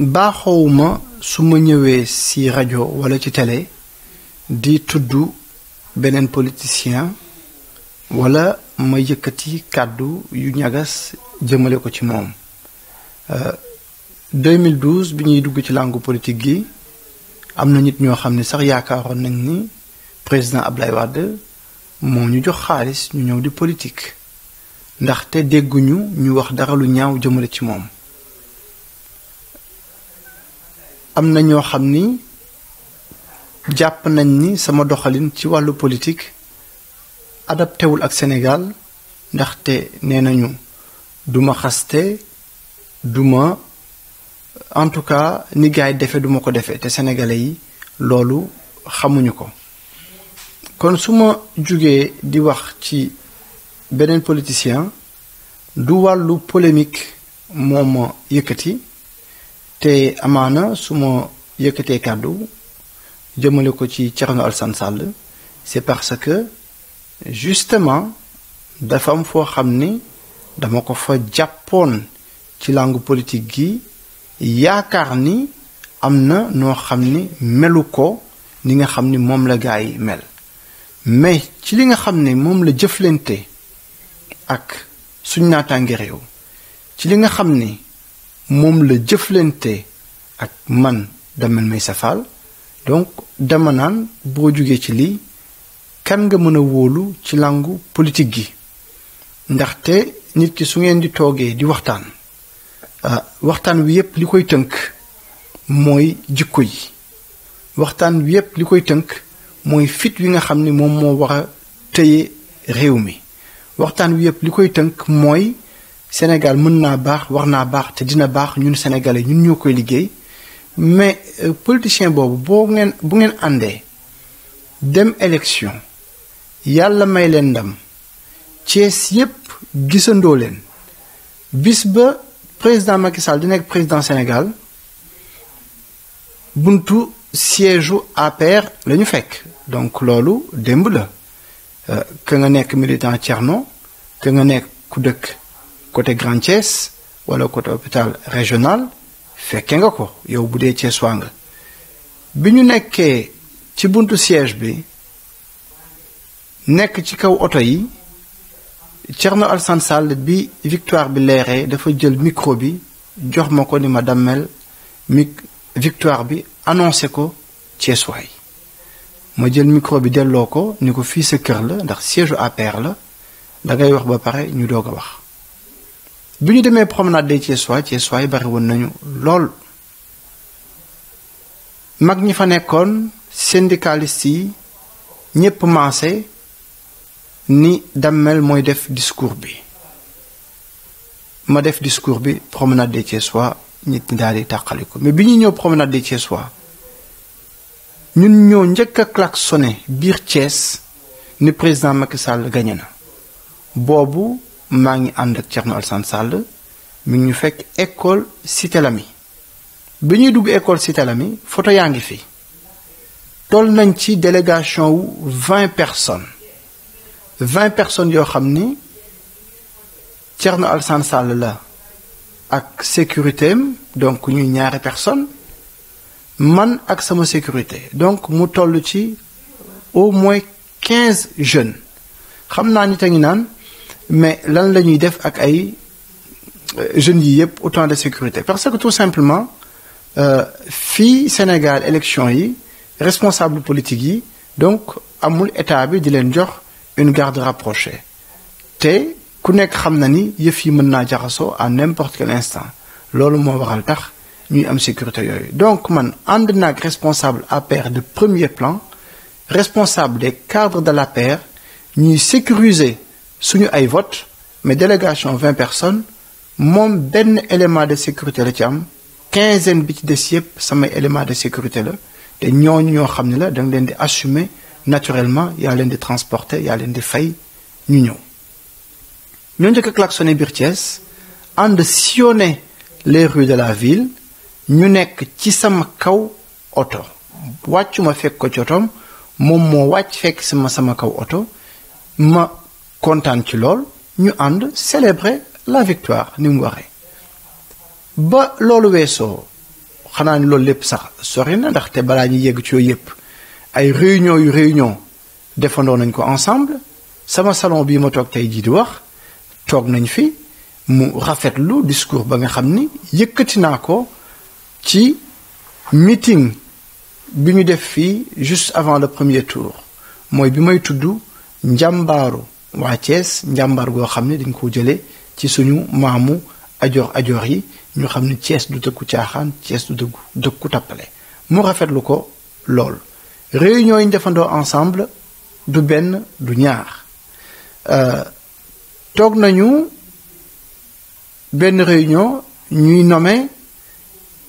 baaxoowuma su ma ñëwee si rajo walla ci tele di tudd beneen politicien walla ma yëkkati kàddu yu ñagas jëmale ko ci moom 2012 euh, bi ñuy dugg ci làngu politique gi am na nit ñoo xam ne sax yaakaaroon nañ ni président Ablaye Wade moo ñu jox xaalis ñu ñëw di politique ndaxte dégguñu ñu wax dara lu ñaaw jëmale ci moom am na ñoo xam ni jàpp nañ ni sama doxalin ci wàllu politique adapté wul ak Sénégal ndaxte nee nañu duma xaste duma en tout cas ni gaay defe duma ko defe te sénégalais yi loolu xamuñu ko kon su ma jugee di wax ci beneen politicien du wàllu polémique moo ma yëkkati te amaana su ma yëkkatee kàddu jëmale ko ci Thierno Alassane Sall c'est parce que justement dafa am foo xam ni dama ko fa jàppoon ci langue politique gi yaakaar ni am na noo xam ni nga xam ni la mel mais ci li nga xam ne la jëflante ak suñ naataange réew ci li nga xam moom la jëflante ak man Damel may safal donc dama naan boo jógee ci lii kan nga mën a wóolu ci langu politique gi ndaxte nit ki su ngeen di toogee di waxtaan ah, waxtaan wi yépp li koy tënk mooy jikko yi waxtaan wi yépp li koy tënk mooy fit wi nga xam ni moom moo war a tëye réew mi waxtaan wi yépp li koy tënk mooy Sénégal mën naa baax war naa baax te dina baax ñun sénégalais mais euh, politicien boobu boo ngeen bu dem élection yàlla may leen ndam yépp gisandoo bis président Macky Sall di président Sénégal buntu siège à APR le ñu donc loolu démb la euh, nga nekk militant côté Grand Thiès wala côté hôpital régional fekke nga ko yow bu dee Thiès waa nga n'est que, nekkee ci buntu siège bi nekk ci kaw oto yi Thierno Alassane salle bi victoire bi leeree dafa jël micro bi jox ma ni madame mel, mi victoire bi annoncé ko Thiès waay ma jël micro bi delloo ko ni ko fii sa kër la ndax siège à perle da ngay wax ba pare ñu doog wax biñu démé promenade des Thiessois Thiessois yi bari woon nañu lool mag ñi fa nekkon syndicaliste ñepp ñépp ni d'amel moy def discours bi ma def discours bi promenade des Thiessois nit ñi daal di mais biñu ñuy ñëw promenade des Thiessois ñun ñoo njëkk klaxoné klaxonné biir Thiès ni président Macky Sall Bobu. na maa ngi tierno ak Thierno Alassane Sall ñu école Cité Lamy bi ñuy dugg école Cité photo yaangi fi tol nañ ci délégation wu vingt personnes vingt personnes yo xamni tierno Thierno Alassane Sall la ak sécurité donc ñuy ñaari personnes man ak sama sécurité donc mu toll ci au moins quinze jeunes xamna ni mais lan lañuy def ak ay euh, jeunes yi pas autant de sécurité parce que tout simplement euh, fi Sénégal élection yi responsable politique yi donc amul état bi di len jox une garde rapprochée Té ku nek xam na ni yëf yi eu, à n'importe quel instant loolu mo waral tax ñuy am sécurité yoy donc man and naag responsable paire de premier plan responsable des cadres de la paire ñuy sécurisé suñu ay vote mais délégation 20 personnes moom benn élément de sécurité la ci am quinzaine bi ci des yëpp samay élément de sécurité la té ñooñu ñoo xamni la da nga leen di assumer naturellement yaa leen di transporter yaa leen di fay ñu ñëw ñoo njëkk klaxoné klaxonné biir Thiès ànd sillonné les rues de la ville ñu nekk ci sama kaw auto wàccu fekk ko ci otoom moom moo wàcc fekk sama sama kaw oto ma content ci lool ñu and célébrer la victoire ni mu waree ba loolu weesoo xanaa ni loolu lépp sax sori na ndaxte balaa ñuy yegg ci yooyu yépp ay réunion yu réunion defandoo nañ ko ensemble sama salon bi ma toog tey jii di wax toog nañ fi mu rafetlu discours ba nga xam ni yëkkati naa ko ci meeting bi ñu def fii juste avant le premier tour mooy bi may tudd njàmbaaru waa Thiès njàmbaar goo xam ne dañ ko jëlee ci suñu maamu ajoor ajoor yi ñu xam ne Thiès du dëkku caaxaan Thiès du dëkku dëkku tappale mu rafetlu ko lool réunion yi ñu defandoo ensemble du benn du ñaar euh, toog nañu benn réunion ñuy nommé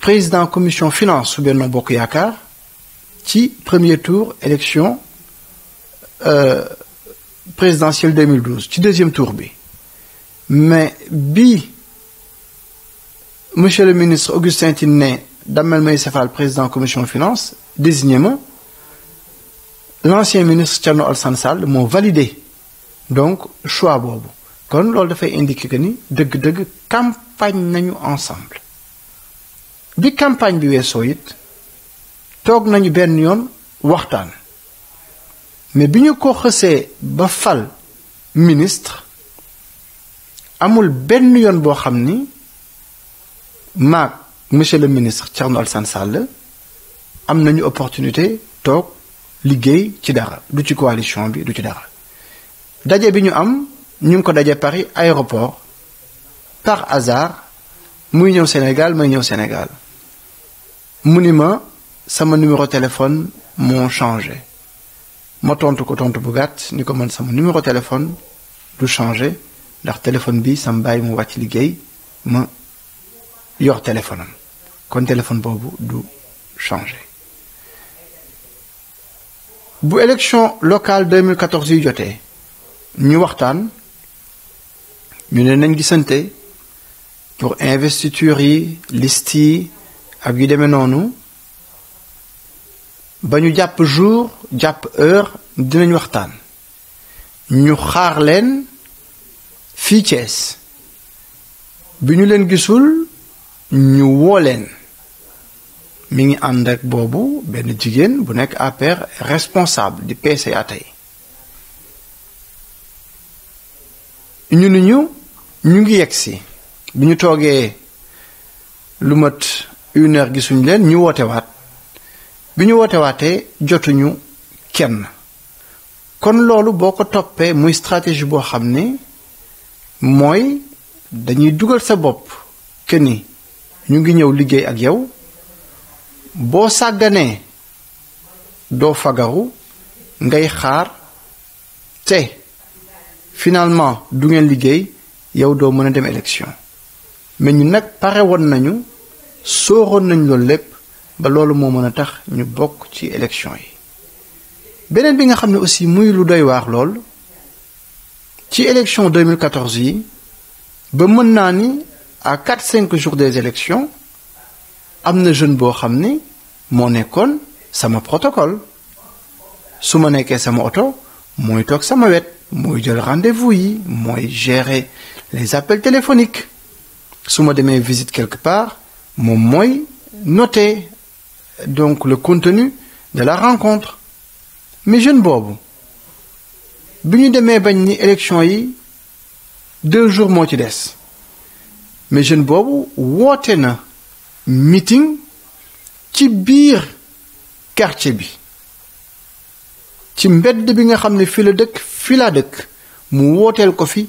président commission finance su Benno Bokk Yaakaar ci premier tour élection. Euh, présidentielle 2012 du deuxième tour B. mais bi monsieur le ministre Augustin Tinné, Damel Damel président de président commission finance désigné l'ancien ministre Tcherno Al-Sansal m'ont validé donc choix bobo. kon loolu fait indiquer que ni une campagne ensemble La campagne de weesoo nañu mais si ko fal ministre amul benn yoon boo xam ni monsieur le ministre Thierno al Sall am nañu opportunité toog liggéey ci dara du ci coalition bi dara daje Paris aéroport par hasard muy Sénégal muy Sénégal mu sama numéro téléphone m'ont changé ma tontu ko tontu bu gàtt ni ko man sama numéro téléphone du changé ndax téléphone bi sam bàyyi mu wàcc liggéey ma yor téléphone am kon téléphone boobu du changé. bu élection locale 2014 yu jotee ñu waxtaan ñu ne nañ gisante pour investiture yi liste yi ak yu demee noonu. ba ñu jàpp jour jàpp heure dinañ waxtaan ñu xaar leen fii Thiès bi ñu leen gisul ñu woo leen mi ngi ànd ak boobu benn jigéen bu nekk APR responsable di PCA tey ñu ni ñu ñu ngi yegg si bi ñu toogee lu mat une heure gisuñ leen ñu wootewaat bi ñu woote waatee jotuñu kenn kon loolu boo ko toppee muy stratégie boo xam ne mooy dañuy dugal sa bopp que ni ñu ngi ñëw liggéey ak yow boo sàgganee doo fagaru ngay xaar te finalement du ngeen liggéey yow doo mën a dem élection mais ñu nag pare woon nañu sóoroon nañ loolu lépp ba loolu moo mën a tax ñu bokk ci élection yi beneen bi nga xam ne aussi muy lu doy waax lool ci élection 2014 yi ba mën naa ni à 4 5 jours des élections am na jeune boo xam ni moo nekkoon sama protocole su ma nekkee sama oto mooy toog sama wet mooy jël rendez-vous yi mooy gérer les appels téléphoniques su ma demee visite quelque part moom mooy noter donc le contenu de la rencontre mais jeune bobo, bi de demee bañ ni élection yi deux jours moo ci des mais jeune bobo, woote meeting ci Karchebi. quartier bi ci mbedd bi nga xam ne fii mu wooteel ko fi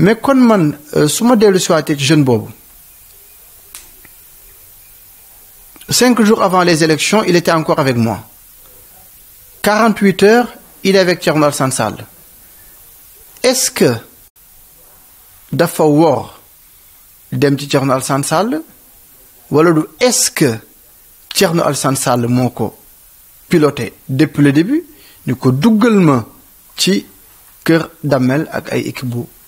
mais quand man euh, su ma dellu tête, jeune bob cinq jours avant les élections il était encore avec moi 48 heures il est avec Tcherno al est-ce que dafa wor dem ci Al Sansal est-ce que Tcherno al-Sansal piloté depuis le début du ko duggal ma ci Damel ak ay équipe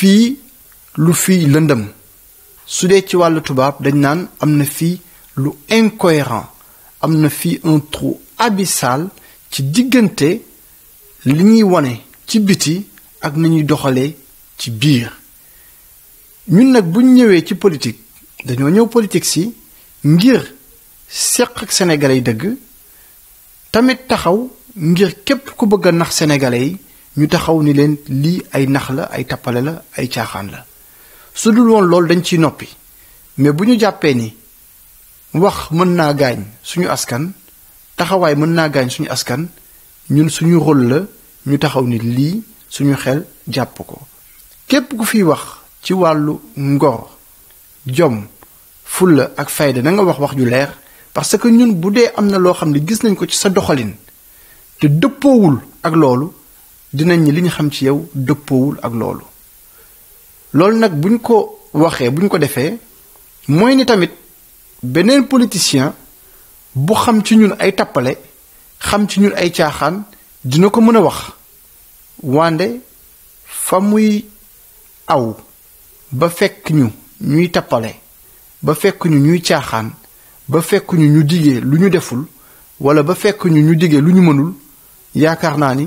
fii lu fi lëndëm sudee ci wàllu tubaab dañ naan am na fii lu incohérent am na fii un trou abyssal ci diggante li ñuy wane ci biti ak ni ñuy doxalee ci biir ñun nag buñ ñëwee ci politique dañoo ñëw politique si ngir seq ak sénégalais yi dëgg tamit taxaw ngir képp ku bëgg a nax sénégalais yi ñu taxaw ni leen lii ay nax la ay tappale la ay caaxaan la su dul woon loolu dañ ciy noppi mais bu ñu jàppee ni wax mën naa gaañ suñu askan taxawaay mën naa gaañ suñu askan ñun suñu rol la ñu taxaw ni lii suñu xel jàpp ko képp ku fi wax ci wàllu ngor jom ful la ak fayda nanga wax wax ju leer parce que ñun bu dee am na loo xam ne gis nañ ko ci sa doxalin te dëppoowul ak loolu dinañ ñi li ñu xam ci yow dëppoowul ak loolu loolu nag buñ ko waxee buñ ko defee mooy ni tamit beneen politicien bu xam ci ñun ay tappale xam ci ñun ay caaxaan dina ko mën a wax wande fa muy aw ba fekk ñu ñuy tappale ba fekk ñu ñuy caaxaan ba fekk ñu ñu digee lu ñu deful wala ba fekk ñu ñu digee lu ñu mënul yaakaar naa ni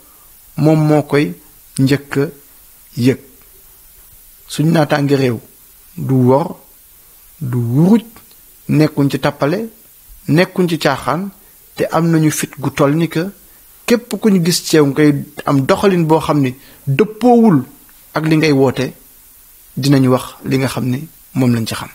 moom moo koy njëkk a yëg suñu naataange réew du wor du wuruj nekkuñ ci tappale nekkuñ ci caaxaan te am nañu fit gu toll ni que képp ku ñu gis ceew ngay am doxalin boo xam ni dëppoowul ak li ngay woote dinañu wax li nga xam ni moom lañ ci xam